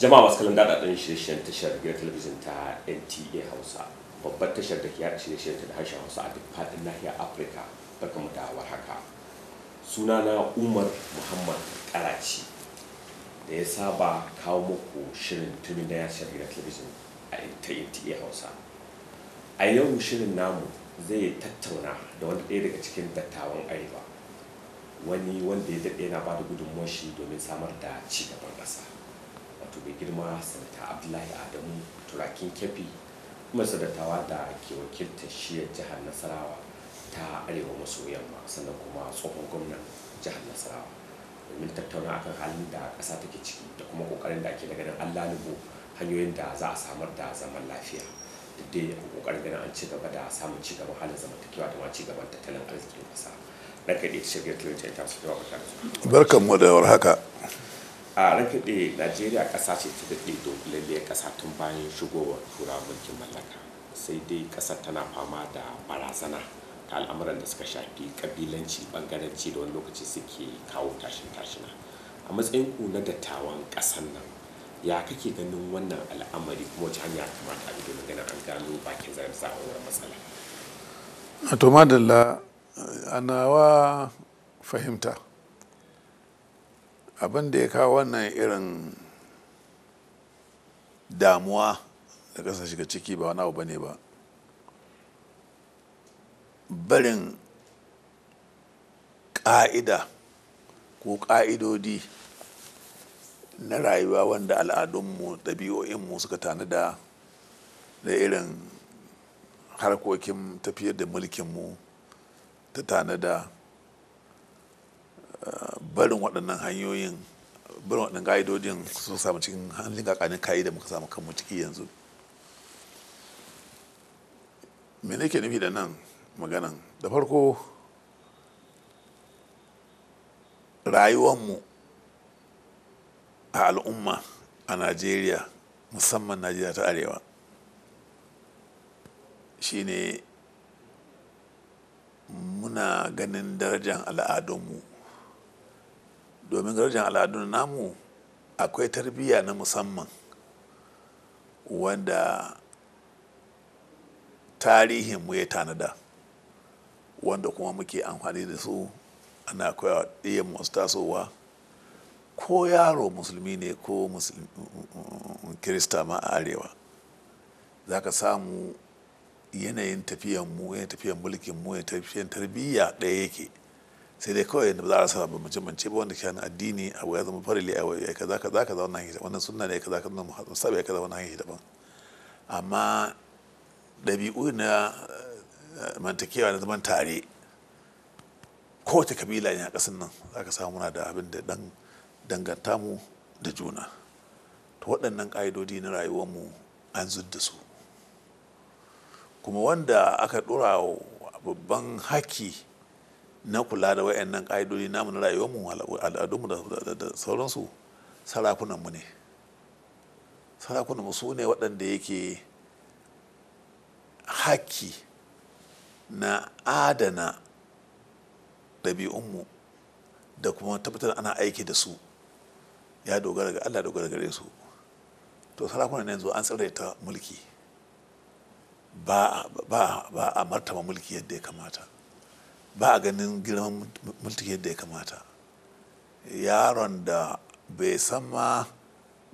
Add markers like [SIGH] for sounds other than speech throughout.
jama'a masu kallon daɗaɗɗen shirye-shiryen tashar gidan talabijin ta nta hausa babbar tashar da ke yaɗa shirye-shiryen ta da harshen hausa a duk faɗin nahiyar afirka barka mu da haka na umar muhammad karaci da ya saba kawo muku shirin tunin da ya shirya gidan talabijin a ta nta hausa a yau shirin namu zai tattauna da wani ɗaya daga cikin dattawan arewa wani wanda ya daɗe yana ba da gudunmuwar shi domin samar da ci gaban ƙasa wato mai girma sanata abdullahi adamu turakin kefi kuma sadatawa da ke wakiltar shiyar jihar nasarawa ta arewa maso yamma sannan kuma tsohon gwamnan jihar nasarawa domin tattauna akan halin da ƙasa take ciki da kuma ƙoƙarin da ake ganin an lalubo hanyoyin da za a samar da zaman lafiya duk dai a ƙoƙarin ganin an ci gaba da samun ci gaban halin zamantakewa da ma ci gaban tattalin arzikin ƙasa na barkan mu da warhaka a rankaɗe najeriya ƙasa ce ta daɗe lalle kasa tun bayan shigowar turawa mulkin mallaka sai dai ƙasar tana fama da barazana ta al'amuran da suka shafi kabilanci ɓangaranci da wani lokaci suke kawo tashin tashina a matsayin ku na dattawan ƙasar nan ya kake ganin wannan al'amari kuma wace hanya kamata a bi domin ganin an gano bakin zaren sa matsala a to madalla a nawa fahimta abin da ya kawo wannan irin damuwa da ƙasa shiga ciki ba wani abu ba ne ba barin ƙa'ida ko ƙa'idodi na rayuwa wanda al'adunmu ɗabi'o'inmu suka tanada da irin harkokin tafiyar da mulkinmu ta tanada barin waɗannan hanyoyin barin waɗannan ƙa'idodin sun samu cikin hannun ƙaƙanin kayi da muka samu kanmu ciki yanzu me nake nufi da nan maganan da farko rayuwanmu a al'umma a najeriya musamman najeriya ta arewa shine muna ganin darajar al'adunmu domin garjin al'adun namu akwai tarbiyya na musamman wanda mu ya tanada wanda kuma muke amfani da su ana koya ɗaya masu tasowa ko yaro musulmi ne ko kirista ma a arewa za ka samu yanayin tafiyan mu yanayin tafiyan mulkin mu yanayin tafiyan tarbiyya ɗaya yake sai dai kawai ba za a rasa ba mace mace ba wanda kyan addini a ya zama farili a waya kaza kaza kaza wannan hanyar wannan sunna ne kaza kaza wannan sabai kaza wannan hanyar daban amma ɗabi'u na eh, mantakewa na zaman tare kowace kabila ne a ƙasar nan za ka samu muna da abin da ɗan danganta mu da juna to waɗannan ƙa'idodi na rayuwarmu an da su kuma wanda aka ɗora babban haki na kula da wayannan ƙa'idodi namu na rayuwarmu al'adunmu da sauransu sarakunanmu ne sarakunanmu su ne waɗanda yake haƙƙi na adana ɗabi'unmu da kuma tabbatar ana aiki da su ya dogara ga allah dogara gare su to sarakunan yanzu an ta mulki ba a martaba mulki yadda ya kamata ba a ganin girman mulki yadda ya kamata yaron da bai san ma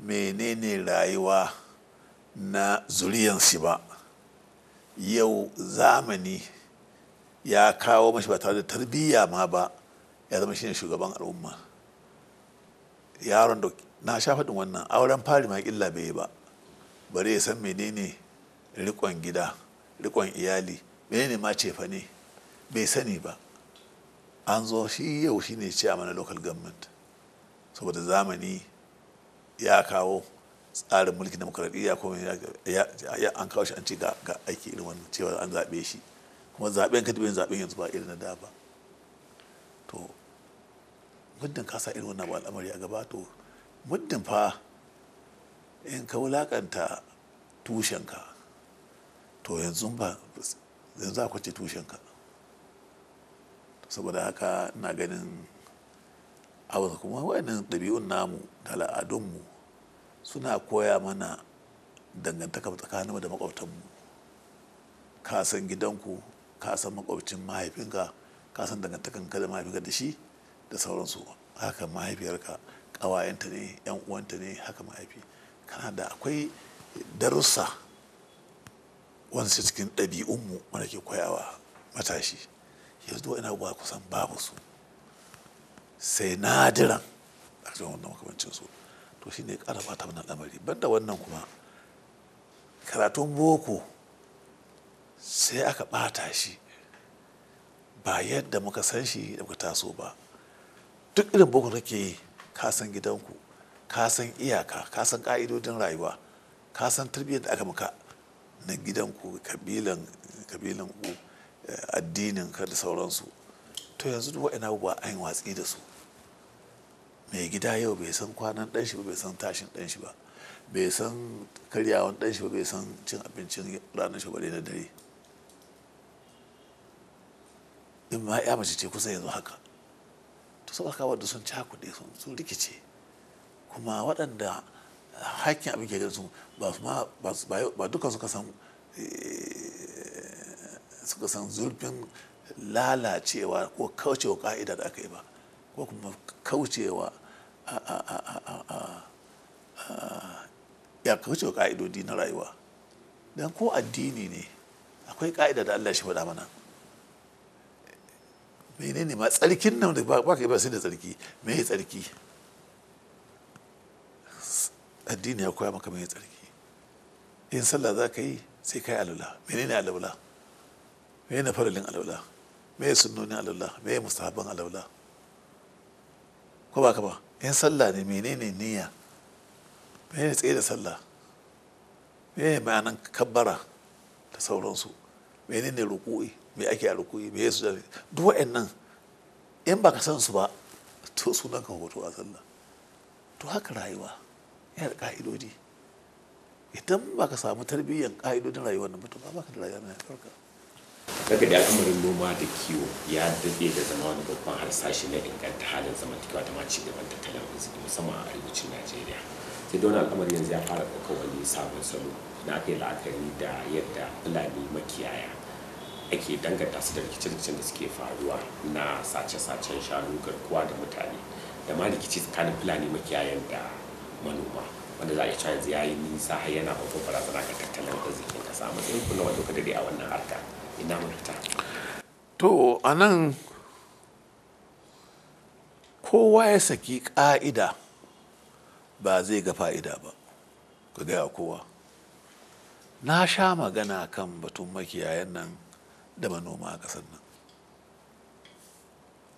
menene rayuwa na zuriyansu ba yau zamani ya kawo mashi ba tare da tarbiyya ma ba ya zama shine shugaban al'umma yaron da na sha faɗin wannan auren fari ma ƙilla bai yi ba bari ya san menene rikon gida rikon iyali menene ma cefa ne bai sani ba an zo shi yau shi ne ce mana local government saboda zamani ya kawo tsarin mulki na ko ya an kawo shi an ce ga aiki irin wannan cewa an zaɓe shi kuma zaɓen ka yin zaɓen yanzu ba irin na da ba to muddin ka sa irin wannan ba al'amari a gaba to muddin fa in ka wulaƙanta tushenka to yanzu ba yanzu akwai tushenka saboda haka na ganin abin kuma wayannan ɗabi'un namu da al'adunmu suna koya mana dangantaka tsakaninmu da makwabtanmu ka san gidanku ka san makwabcin mahaifinka ka san dangantakanka da mahaifinka da shi da sauransu haka mahaifiyarka ƙawayenta ne yan uwanta ne haka mahaifi kana da akwai darussa wani cikin ɗabi'unmu wanda ke koyawa matashi yanzu ina ba kusan babu su sai nadiran a cikin wannan makamancin su to shi ne ƙara fata wannan lamari banda wannan kuma karatun boko sai aka ɓata shi ba yadda muka san shi da muka taso ba duk irin boko kake yi ka san gidanku ka san iyaka ka san ƙa'idodin rayuwa ka san tarbiyyar da aka maka na gidanku kabilan kabilan ku addinin ka da sauransu to yanzu duk wa'ina ba an watsi da su mai gida yau bai san kwanan dan shi ba bai san tashin dan shi ba bai san karyawan dan shi ba bai san cin abincin ranar shi ba na dare in ma ya mace ce kusa yanzu haka to sau haka wadda sun cakuɗe sun rikice kuma waɗanda hakkin abin ke su ba duka suka san eh, suka san zurfin lalacewa ko kaucewa ka'ida da aka yi ba ko kuma kaucewa ya kaucewa ka'idodi na rayuwa don ko addini ne akwai ka'ida da Allah shi faɗa mana menene ma tsarkin nan da ba ka yi ba sai da tsarki me ya tsarki addini ya koya maka me ya tsarki in sallah za ka yi sai ka yi alula menene alula me na faralin alaula me ya sunnoni alaula me ya mustahabban alaula ko ba ka ba in sallah ne menene niyya me ne tsaye da sallah me ne bayanan kabbara da sauransu menene ruku'i me ake a ruku'i me ya sujada duk wa'annan in ba ka san su ba to sunan ka hoto a sallah to haka rayuwa yana da ka'idodi idan ba ka samu tarbiyyar ka'idodin rayuwar nan ba to ba ka da rayuwa mai farka daga da al'amarin noma da kiwo ya daɗe da zama wani babban harsashi na inganta halin zamantakewa ta maci gaban tattalin arziki musamman a arewacin najeriya sai da wani al'amari yanzu ya fara ɗaukar wani sabon salo na aka la'akari da yadda fulani makiyaya ake danganta su da rikice-rikicen da suke faruwa na sace-sacen shanu garkuwa da mutane da ma rikici tsakanin fulani makiyayan da manoma wanda za a iya cewa yanzu ya yi nisa har yana babban barazana ga tattalin arzikin kasa matsayin kuna wanda kuka dade a wannan harka ina mafita to a nan kowa ya saki ƙa'ida ba zai ga fa'ida ba ka gaya kowa na sha magana kan batun makiyayan nan da manoma a ƙasar nan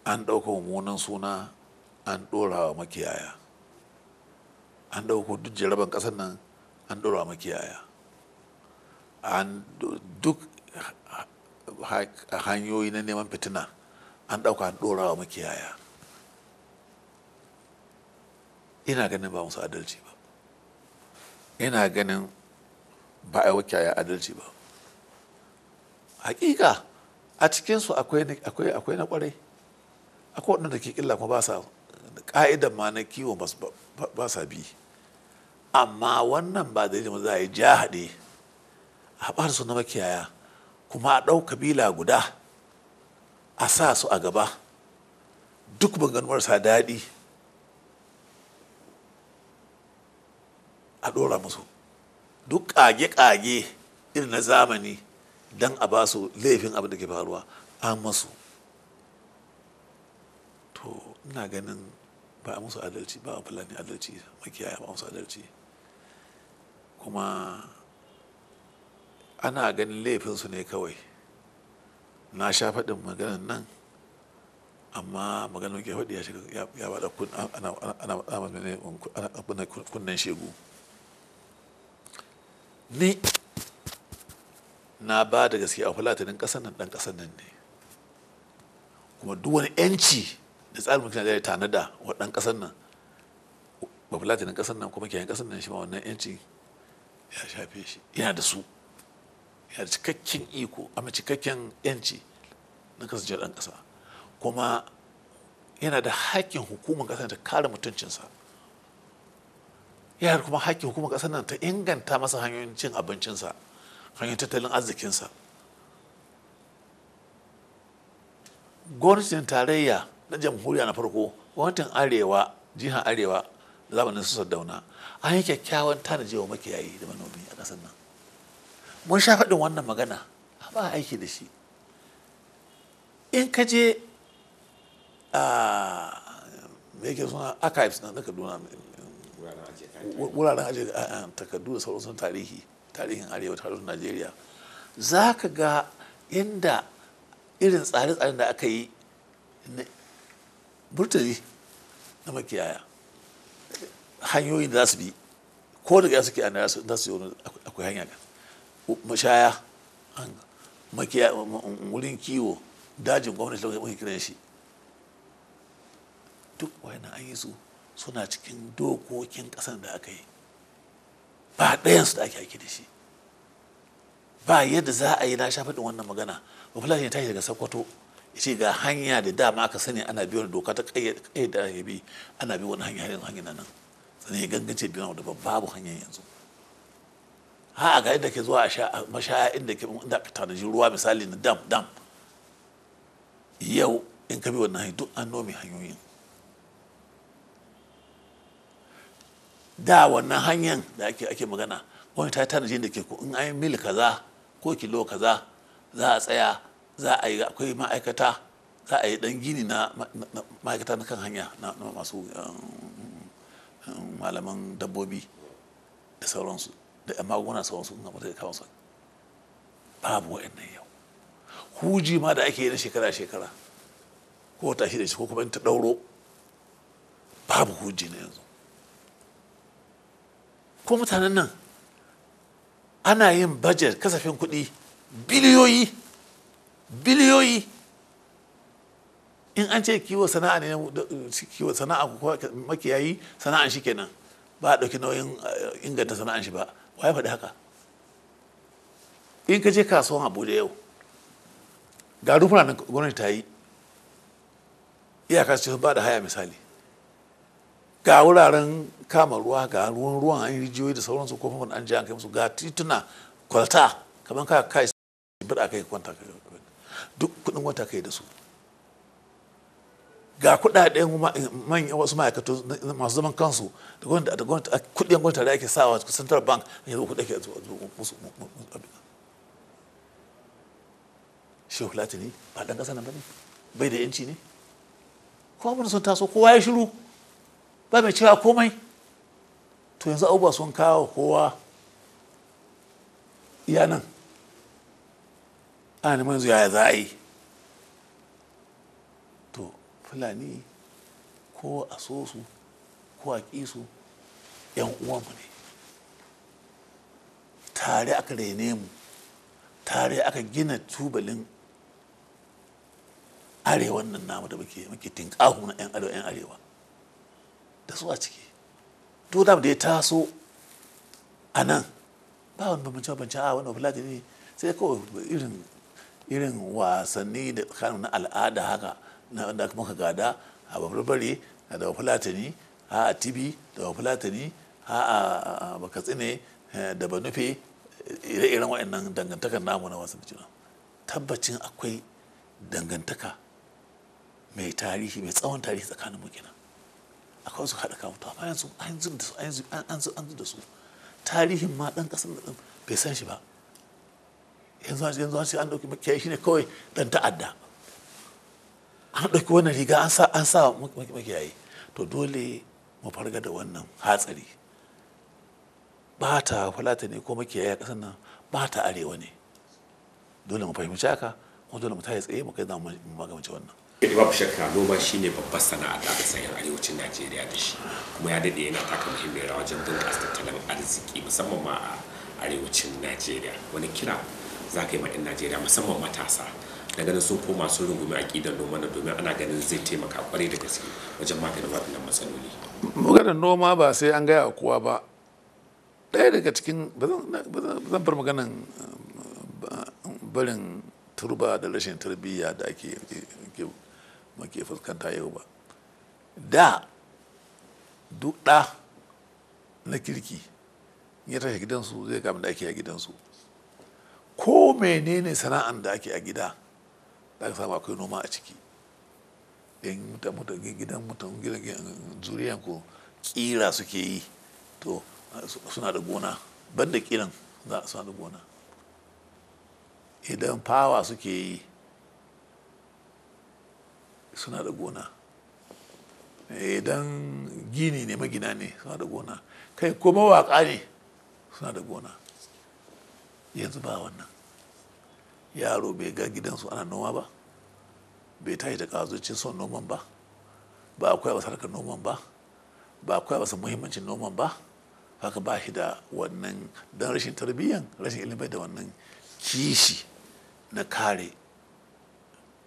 an ɗauka mummunan suna an ɗora wa makiyaya an ɗauko duk jaraban ƙasar nan an ɗora wa makiyaya duk hanyoyi na neman fitina an ɗauka an ɗora wa makiyaya ina ganin ba musu adalci ba ina ganin ba a yi kyaya adalci ba hakika a cikinsu akwai na kwarai akwai waɗanda ke ƙilla kuma ba sa ka'idan ma na kiwo ba sa bi amma wannan ba da za a yi jahaɗe a ɓarsu na makiyaya kuma a ɗau kabila guda a sa su a gaba duk maganu marasa daɗi a ɗora musu duk ƙage-ƙage irin na zamani don a ba su laifin abin da ke faruwa an masu to ina ganin ba a musu adalci ba a fulani adalci makiyaya ba a musu adalci kuma ana ganin laifinsu ne kawai na sha faɗin maganan nan amma maganin ke faɗi ya shiga ya bada kun kunnen shegu ni na ba da gaske a fulatinin ƙasar nan ɗan ƙasar nan ne kuma duk wani yanci da tsarin mulkin Najeriya tanada wa ɗan ƙasar nan ba fulatinin ƙasar nan kuma kiyayen ƙasar nan shi ma wannan yanci ya shafe shi yana da su yana cikakken iko a cikakken yanci na kasancewar ɗan ƙasa kuma yana da haƙƙin hukumar ƙasar ta kare mutuncinsa yana kuma haƙƙin hukumar ƙasar nan ta inganta masa hanyoyin cin abincinsa hanyoyin tattalin arzikinsa gwamnatin tarayya na jamhuriya na farko gwamnatin arewa jihar arewa zamanin su dauna an yi kyakkyawan tanajewa makiyayi da manomi a ƙasar nan mun sha faɗin wannan magana ba aiki da shi in ka je a yake suna archives na kaduna wuraren ajiye takardu da sauransu tarihi tarihin arewa tarihin najeriya za ka ga inda irin tsare-tsaren da aka yi burtali na makiyaya hanyoyin da za su bi ko daga suke a naira su yi akwai hanya kan mashaya um, um, um, wurin kiwo dajin gwamnati lokacin muke kiran shi duk wani an yi su suna cikin dokokin ƙasar da aka yi ba ɗayansu da ake aiki da shi ba yadda za a yi na shafi ɗin wannan magana ba fulani yi daga sakwato ce ga hanya da dama aka sani ana biyan doka ta ƙayyada da bi ana bi wani hanya yanzu hanyar nan sannan ya gangance biyan babu hanyar yanzu ha ga inda ke zuwa a mashaya inda ke inda ka tanaji ruwa misali na dam dam yau in ka bi wannan duk an nome hanyoyin da wannan hanyar da ake ake magana wani ta tanaji da ke ko in an yi mil kaza ko kilo kaza za a tsaya za a yi akwai ma'aikata za a yi dan gini na ma'aikata na kan hanya na masu um, um, malaman dabbobi da sauransu da yan magunguna sauransu suna mutu da kawansu babu babu nan yau huji ma da ake yi na shekara-shekara ko ta shi da shi ko kuma in ta ɗauro babu huji na yanzu ko mutanen nan ana yin bajet kasafin kuɗi biliyoyi biliyoyi in an ce kiwo sana'a ne kiwo sana'a ko makiyayi sana'an shi kenan ba a ɗauki nauyin eh, inganta sana'an shi ba wa ya faɗi haka in ka je kasuwan abuja yau ga rufuna na gwamnati ta yi iyaka ce ba da haya misali ga wuraren kama ruwa ga ruwan ruwan an rijiyoyi da sauransu ko famfon an ji an kai musu ga tituna kwalta kamar ka kai bada kai kwanta duk kudin wata kai da su ga kudaden manyan wasu ma'aikatu masu zaman kansu da gwamnati kudin gwamnati da ake sawa central bank a yanzu kudin ke musu shehu latini ba dan kasa nan bane bai da yanci ne kowa mun sun taso kowa ya shiru ba mai cewa komai to yanzu abubuwa sun kawo kowa iya nan a neman yanzu yaya za a yi fulani ko a so su ko a ƙi yan uwanmu ne tare aka rene mu tare aka gina tubalin arewan nan namu da muke muke tinkahu na yan arewa yan arewa da su a ciki to da ya taso a nan ba wani bambance bambance a wani fulani ne sai kawai irin irin wasanni da kanu na al'ada haka na wanda muka gada a a da fulatani a tibi da fulatani a bakatsine eh, da ba banufe ire-iren waɗannan dangantakar namu na wasu juna tabbacin akwai dangantaka mai tarihi mai tsawon tarihi tsakanin mu kenan akwai su haɗa kawo amma yanzu an zu da su an zu an zu an zu da su tarihin ma ɗan ƙasar da bai san shi ba yanzu yanzu an shi an ɗauki makiyayi ne kawai ɗan ta'adda an ɗauki wannan riga an sa an sa makiyayi to dole mu farga da wannan hatsari ba ta falata ne ko muke a ƙasar nan ba ta arewa ne dole mu fahimci haka kuma dole mu tayi tsaye mu kai za mu magance wannan babu shakka noma shine babbar sana'a da aka sanya arewacin najeriya da shi kuma ya daɗe yana taka muhimmiyar rawa wajen bunƙasa tattalin arziki musamman ma a arewacin najeriya wani kira za ka yi ma 'yan najeriya musamman matasa da ganin sun koma sun rungumi kidan noma na domin ana ganin zai taimaka kwarai da gaske wajen maganin waɗannan matsaloli. maganar noma ba sai an gaya kowa ba ɗaya daga cikin ba zan bar maganan um, barin turba da rashin tarbiyya da ake muke fuskanta yau ba da duk ɗa na kirki ya tashi gidansu zai gama da ake a gidansu ko menene sana'an da ake a gida za samu akwai noma a ciki in mutum gidan gidan zuriyan ko kira suke yi to suna da gona ban da kiran za suna da gona idan fawa suke yi suna da gona idan gini ne magina ne suna da gona kai ko mawaka ne suna da gona yanzu ba wannan yaro bai ga gidansu ana noma ba bai tashi da kazucin son noman ba ba akwai wasu harkar noman ba ba akwai wasu muhimmancin noman ba haka ba shi da wannan don rashin tarbiyyan rashin ilimin da wannan kishi na kare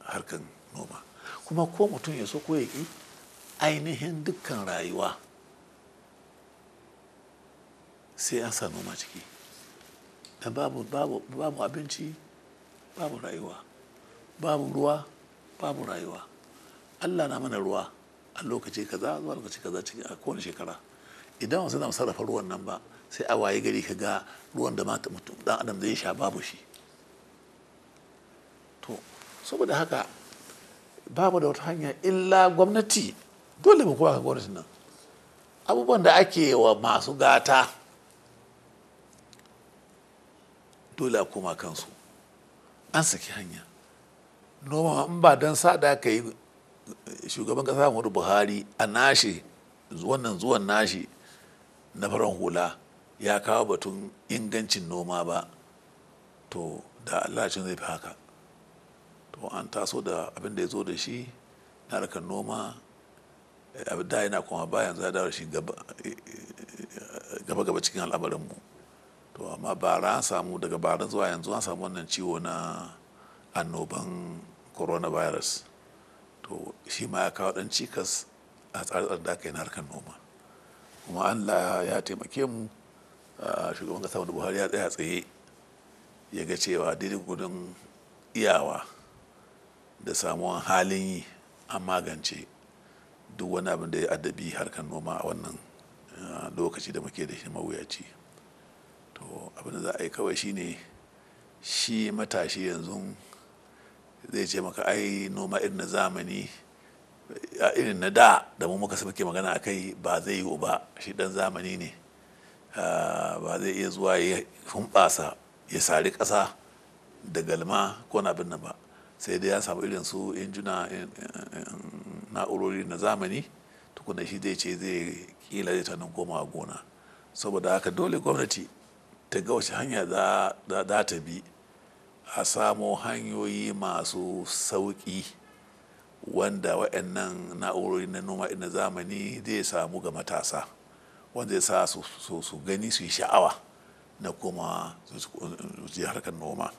harkar noma kuma ko mutum ya so ko ya ki ainihin dukkan rayuwa sai an sa noma ciki da babu abinci babu rayuwa babu ruwa babu rayuwa allah na mana ruwa a lokaci kaza zuwa lokaci kaza cikin a kowane shekara idan wasu na sarrafa ruwan nan ba sai a waye gari ka ga ruwan da mata mutum dan adam zai sha babu shi to saboda haka babu da wata hanya illa gwamnati dole mu kowa ka gwamnati nan abubuwan da ake wa masu gata dole a koma kansu an saki hanya noma ba don sada ka yi eh, shugaban kasa muhammadu buhari a nashi wannan zuwan nashi na faran hula ya kawo batun ingancin noma ba to da allacin zai fi haka to an taso da abin da ya zo da shi na harkar noma abin eh, da yana kuma bayan za shi gaba eh, gaba cikin al'amarinmu to amma bara an samu daga bara zuwa yanzu an samu wannan ciwo na annoban coronavirus to shi ma ya kawo dan cikas a tsare tsare da aka yi na harkar noma kuma allah ya taimake mu shugaban kasa wani buhari ya tsaya tsaye ya ga cewa daidai gudun iyawa da samuwan halin yi an magance duk wani abin da ya addabi harkar noma a wannan lokaci da muke da shi mawuyaci to abin da za a yi kawai shine shi matashi yanzu zai ce maka ai noma irin na zamani a irin na da da mu muka muke magana a kai ba zai yi ba shi dan zamani ne ah, ba zai iya zuwa ya humɓasa ya sari ƙasa da galma ko na abin nan ba sai dai ya samu irin su injuna na'urori na zamani tukuna shi zai ce zai kila zai tanin komawa gona saboda haka dole gwamnati ta ga wace hanya za ta bi a samo hanyoyi masu sauƙi wanda waɗannan na'urori na noma na zamani zai samu ga matasa wanda zai sa su gani su yi sha'awa na kuma su yi harkar noma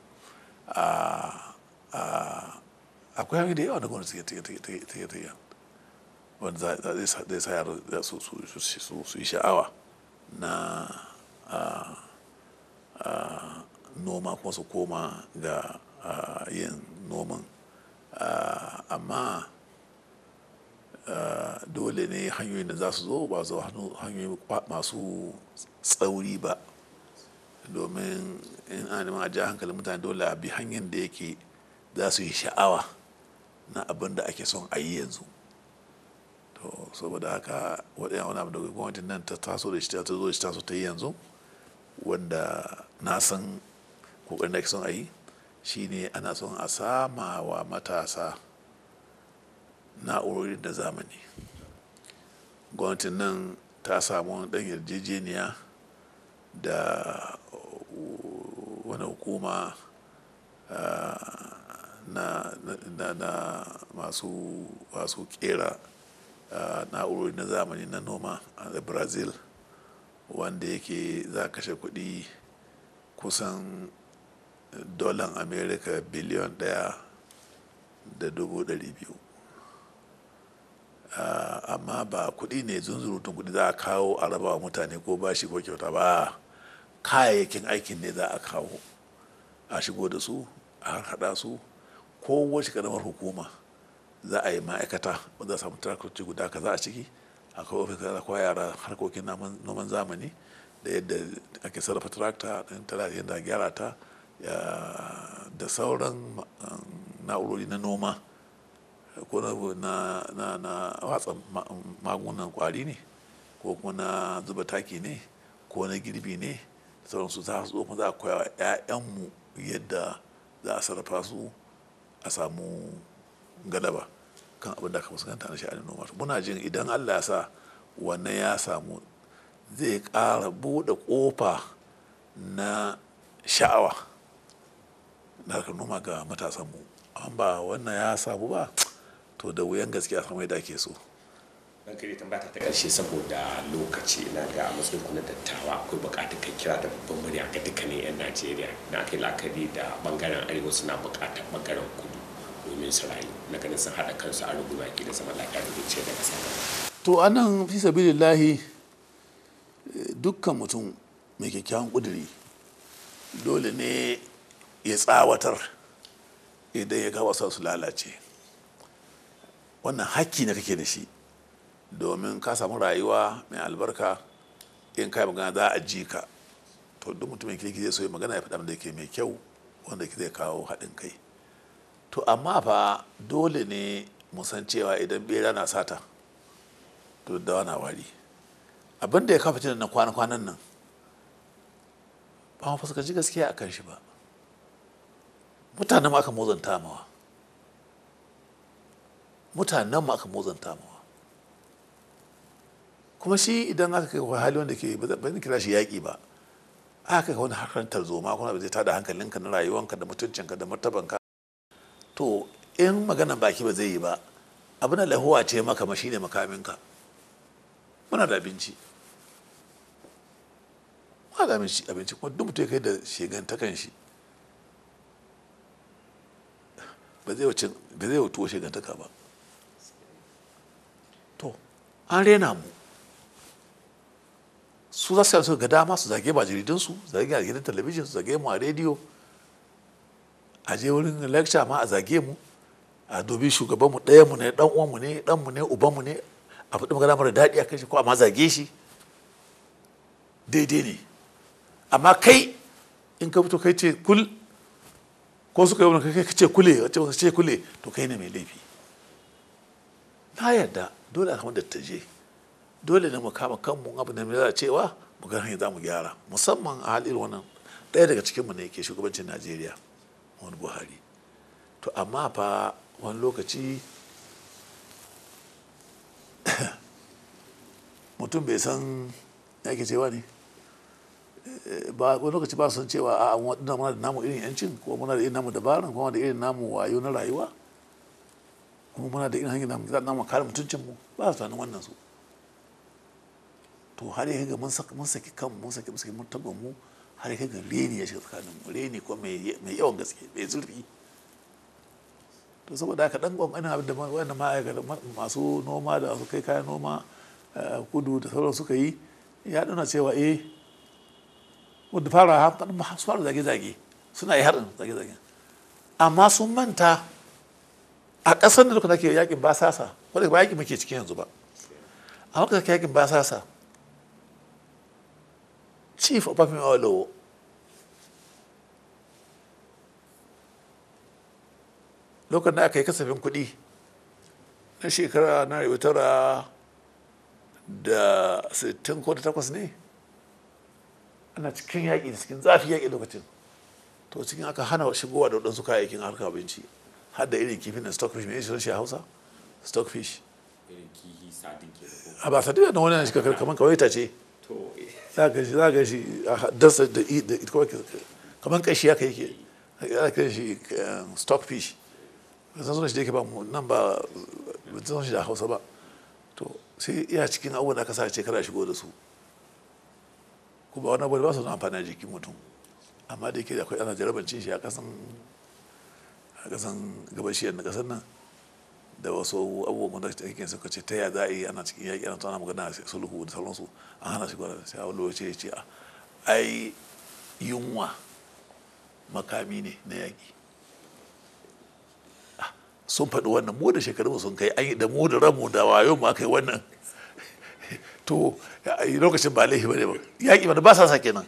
akwai hanyoyi da yawa da gwamnati ta yi wanda zai sa su yi sha'awa na noma kuma su koma ga yin noman amma dole ne hanyoyin da za su zo ba zo hanyoyi masu tsauri ba domin in an neman a ja hankalin mutane dole a bi hanyar da yake za su yi sha'awa na abin da ake son a yi yanzu to saboda haka waɗanda wani abu da gwamnatin nan ta taso da shi ta zo da shi ta so ta yi yanzu wanda na san kokarin da ake son a yi shine ana son a sama wa matasa na'urorin da zamani gwamnatin nan ta samu wani ɗan yarjejeniya da wani hukuma ah, na, masu, masu kera ah, na'urori na zamani na noma a brazil wanda yake za kashe kuɗi kusan dolan Amerika biliyon ɗaya da dubu ɗari biyu ah, amma ba kuɗi ne zunzurutun kuɗi za a kawo a rabawa mutane ko bashi ko kyauta ba kayayyakin aikin ne za a kawo a shigo da su a harhaɗa su ko karamar ƙaramar hukuma za a yi ma'aikata wanda samun taraktoci guda kaza a ciki akwai ofis da yara harkokin noman zamani da yadda ake sarrafa tractor din tana yadda gyara ta da sauran um, na'urori na noma ko na watsa magungunan kwari ne ko kuma na zuba taki ne ko na girbi ne su za su kuma za a koya wa mu yadda za a sarrafa su a samu galaba dukkan abin da aka fuskanta na sha'anin noma muna jin idan allah ya sa wannan ya samu zai ƙara buɗe ƙofa na sha'awa na harkar noma ga matasanmu an ba wannan ya samu ba to da wuyan gaskiya samu yadda ake so don kare tambaya ta karshe saboda lokaci na ga a matsayin kuna dattawa akwai bukatar kai kira da babban murya ga dukkanin 'yan najeriya na kai la'akari da bangaren arewa suna bukatar bangaren ku domin su rayu na ganin sun haɗa kansu a rubu baki da zama lafiya da zuciya da ƙasa to anan fi sabilillahi dukkan mutum mai kyakkyawan ƙuduri dole ne ya tsawatar idan ya gawa su lalace wannan hakki na kake da shi domin ka samu rayuwa mai albarka in kai magana za a ji ka to duk mutumin kirki zai so ya magana ya faɗa da ke mai kyau wanda zai kawo haɗin kai to amma fa dole ne mu san cewa idan bera na sata to dawa na wari abin da ya kafa tunan na kwana-kwanan nan ba mu fuskanci gaskiya a kan shi ba mutanen aka mozanta mawa mutanen ma aka mozanta mawa kuma shi idan aka kai hali wanda ke ba zan kira shi yaƙi ba aka kai wani harkar tarzoma kuma ba zai tada hankalinka na rayuwanka da mutuncinka da martabanka to in magana baki ba zai yi ba abin da lahuwa ce maka ma shine makaminka muna da abinci ba da abinci kuma duk mutum kai da kan shi ba zai wuce ba zai wuce shegantaka ba to an rena mu su za su ga dama su zage ba su zage a gidan talabijin su zage mu a rediyo a je wurin lecture ma a zage mu a dobi shugaban mu ɗayan mu ne dan uwan mu ne dan mu ne uban mu ne a fudu magana mara daɗi a kai shi ko amma zage shi daidai ne amma kai in ka fito kai ce kul ko suka yi wani kai ce kule wace ba ce kule to kai ne mai laifi na yarda dole a da ta dole ne mu kama kanmu abu da mai cewa mu ga hanyar za mu gyara musamman a halin wannan ɗaya daga cikinmu ne ke shugabancin najeriya Wani buhari to amma fa wani lokaci [COUGHS] mutum bai san yake cewa ne eh, ba wani lokaci ba san cewa a wadanda muna da namu irin yancin ko muna da irin namu dabaran ko muna da irin namu wayo na rayuwa kuma muna da irin hanyar namu za namu kare mutuncin mu ba su tunanin wannan su to har yi ga mun saki kan mun saki mun saki mun taba mu har kai ga reni ya shiga tsakanin reni ko mai yawan gaske mai zurfi to saboda haka dan ana abin da wani ma'aikata masu noma da su kai kayan noma eh, kudu da sauran suka yi ya dana cewa eh wadda fara su fara zage-zage suna yi harin zage-zage amma sun manta a ƙasar da duka take yakin basasa wadda ba yakin muke cikin yanzu ba a lokacin yakin basasa chief Obafemiolo lokacin da aka yi kasafin kuɗi na shekara na tara da 60 ko da takwas ne ana cikin yaƙi da cikin zafi yaƙi lokacin to cikin aka hana shigowa da waɗansu kayayyakin harkar abinci har da irin kifin da stockfish mai shi a hausa stockfish a ba sadina na wani na shi kakar kamar kawai ta ce eh. za ka shi za ka shi a dasa da ita kuma kamar kashi kai yake za ka shi um, stock fish ba san sunan shi da yake ba mu nan ba ba san shi da hausa ba to sai iya cikin abubuwan da aka sa ce kana shigo da su kuma wani abu ba su amfani a jikin mutum amma da yake da akwai ana jarabar cin shi a kasan a kasan gabashiyar yadda kasan nan da wasu abubuwan da cikin suka ce ta yaya za a yi ana cikin yaƙi ana tsana magana sulhu da sauransu an hana shi gwada sai wani lokaci ya ce ai yunwa makami ne na yaƙi ah, sun faɗi wannan mu da shekarunmu sun kai an yi da mu da ramu da wayo mu kai wannan [LAUGHS] to lokacin ba laifi bane ba yaƙi mana ba sa sa kenan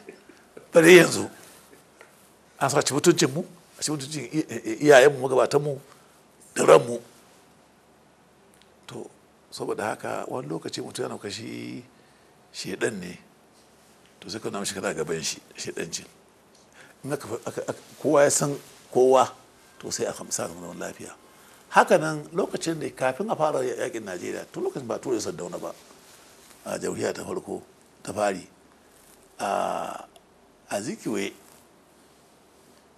bare yanzu an sa ci mutuncin mu a ci mutuncin iyayen mu mu da ranmu saboda haka wani lokaci mutum yana kashi shedan ne to sai ka mashi gaban shi shedancin in kowa ya san kowa to sai a kamsa zama lafiya hakanan lokacin da kafin a fara yakin najeriya tun lokacin ba tura dauna ba a jamhuriya ta farko ta fari a zikiwe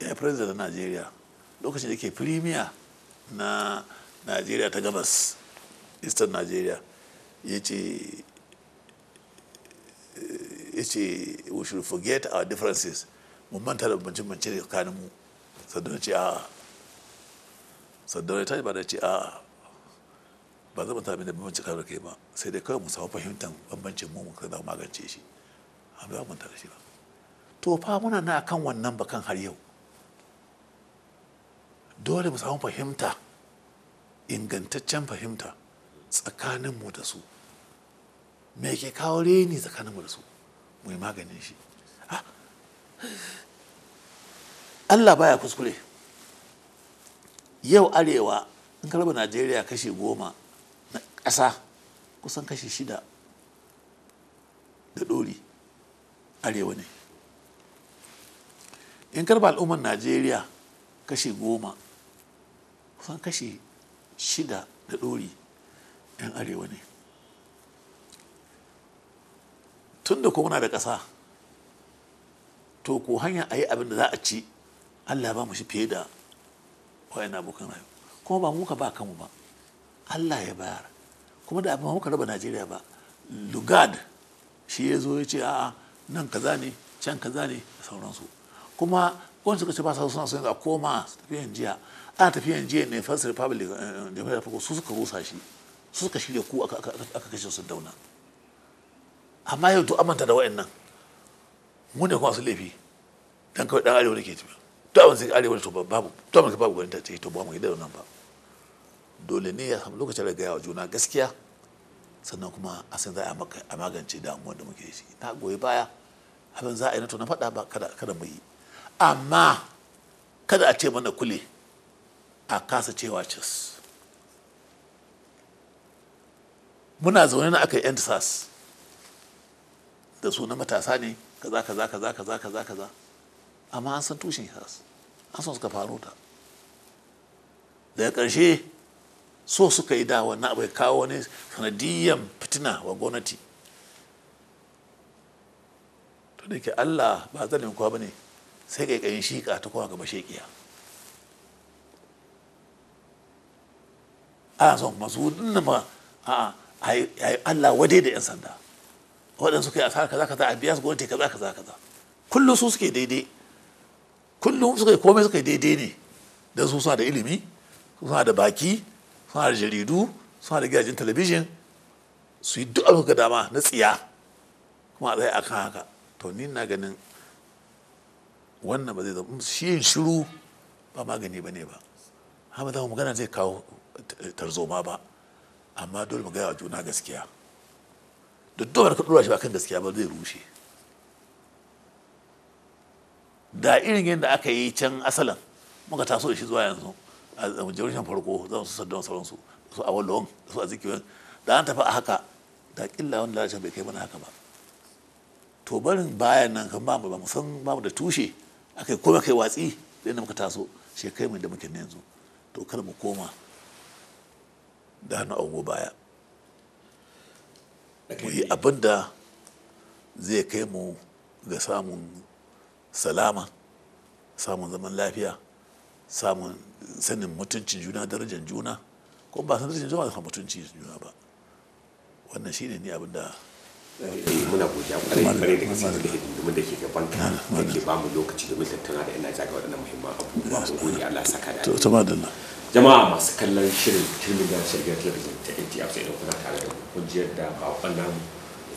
ya yi president na najeriya lokacin da ke firimiya na najeriya ta gabas eastern nigeria ya ce ya ce we should forget our differences mun manta da bambance bambance da tsakanin mu sannan ce a sannan ya tashi ba da ce a ba zama ta da bambance kawai kai ba sai dai kawai mu samu fahimtar bambancin mu mu kada magance shi amma ba mu manta da shi ba to fa muna na kan wannan bakan har yau dole mu samu fahimta ingantaccen fahimta tsakaninmu da su me ke kawo reni tsakaninmu da su mai maganin shi ah. Allah baya kuskure yau arewa in karba najeriya kashe goma na ƙasa kusan kashe shida da ɗori arewa ne in karba al'ummar najeriya kashe goma kusan kashe shida da ɗori 'yan arewa ne tun da ko muna da ƙasa to ko hanya a yi abin da za a ci allah ba mu shi fiye da wa'yan abokan rayu kuma ba muka ba kanmu ba allah ya bayar kuma da abin muka raba najeriya ba lugard shi ya zo ya ce a nan kaza ne can kaza ne da sauransu kuma wani suka ce ba sa suna son a koma tafiyan jiya ana tafiyan jiya ne first republic da eh, su suka rusa shi su suka shirya ku aka kashe su dauna amma yau to amanta da wa'annan mu ne kuma su laifi dan kawai dan arewa ke tafiya to abin sai arewa to babu to amma babu gwanin ta to ba mu da nan ba dole ne ya samu lokacin da gaya wa juna gaskiya sannan kuma a san za a magance damuwar da muke shi ta goyi baya abin za a yi na to na faɗa ba kada mu yi amma kada a ce mana kule a kasa cewa cis muna zaune na aka yi sas da su na matasa ne kaza kaza kaza kaza kaza kaza amma an san tushen sas an san suka faro ta daga ƙarshe so suka yi da wannan abai kawo wani sanadiyyar fitina wa gwamnati to da ke allah ba zalin kuwa ba ne sai ƙaiƙayin shiƙa ta kuma gaba shekiya a son masu dinna ma a a allah wade da 'yan sanda waɗanda suka yi asara kaza kaza a biya su gwamnati kaza kaza kaza kullum su suke daidai kullum suka yi komai suka yi daidai ne don su suna da ilimi suna da baki suna da jaridu suna da gidajen talabijin su yi duk abin dama na tsiya kuma a tsaye akan haka to ni na ganin wannan ba zai zama shi yin shiru ba magani ba ne ba haka magana zai kawo tarzoma ba amma dole mu gaya juna gaskiya duk dole ka dora shi akan gaskiya ba zai rushe da irin yadda aka yi can asalan muka taso da shi zuwa yanzu a jamhuriyar farko zan su saddon sauransu su a wallon su a zikiyoyin da an tafi a haka da killa wani lalacin bai kai mana haka ba to barin bayan nan kan bamu ba mu san bamu da tushe akai kuma kai watsi da inda muka taso shekai mu da muke yanzu to kar mu koma da hana ango baya mu yi abin da zai kai mu ga samun salama samun zaman lafiya samun sanin mutuncin juna darajar juna kuma ba sanar juna mutuncin juna ba wannan shine ne abin da eh, muna godiya kwarai kwarai da da hidimin da ke gaban ka da ke lokaci domin tattauna da ina waɗannan muhimman abubuwa gode Allah saka da to da jama'a masu kallon shirin turminar shirgar talabijin ta a tsaye kuna tare da hujjiyar da yadda bakon namu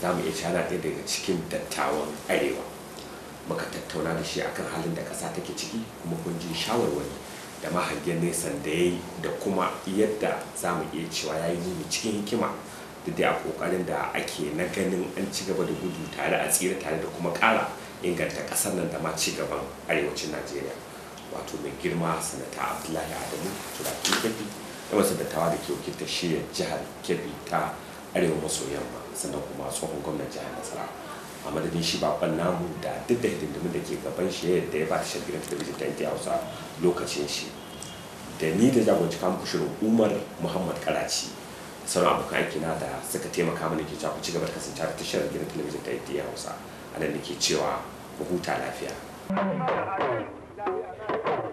za mu iya shara ɗaya daga cikin dattawan arewa muka tattauna da shi akan halin da ƙasa take ciki kuma kun ji shawarwari da mahangen nesan da ya yi da kuma yadda za mu iya cewa ya yi nuni cikin hikima da dai a ƙoƙarin da ake na ganin an ci gaba da gudu tare a tsira tare da kuma ƙara inganta ƙasar nan da ma ci gaban arewacin najeriya wato mai girma sanata abdullahi adamu ke kebbi da masu dattawa da ke wakiltar shirya jihar kebbi ta arewa maso yamma sannan kuma tsohon gwamnan jihar nasara a madadin shi baban namu da duk da hidindimin da ke gaban shi yadda ya ba da shagirin talabijin ta yanki hausa lokacin shi da ni da jagoranci ku shirin umar muhammad karaci sauran abokan aiki na da suka taimaka mana ke cewa ku ci gaba da kasance da tashar gidan talabijin ta yanki hausa a nan da ke cewa ku huta lafiya. Yeah, yeah, yeah.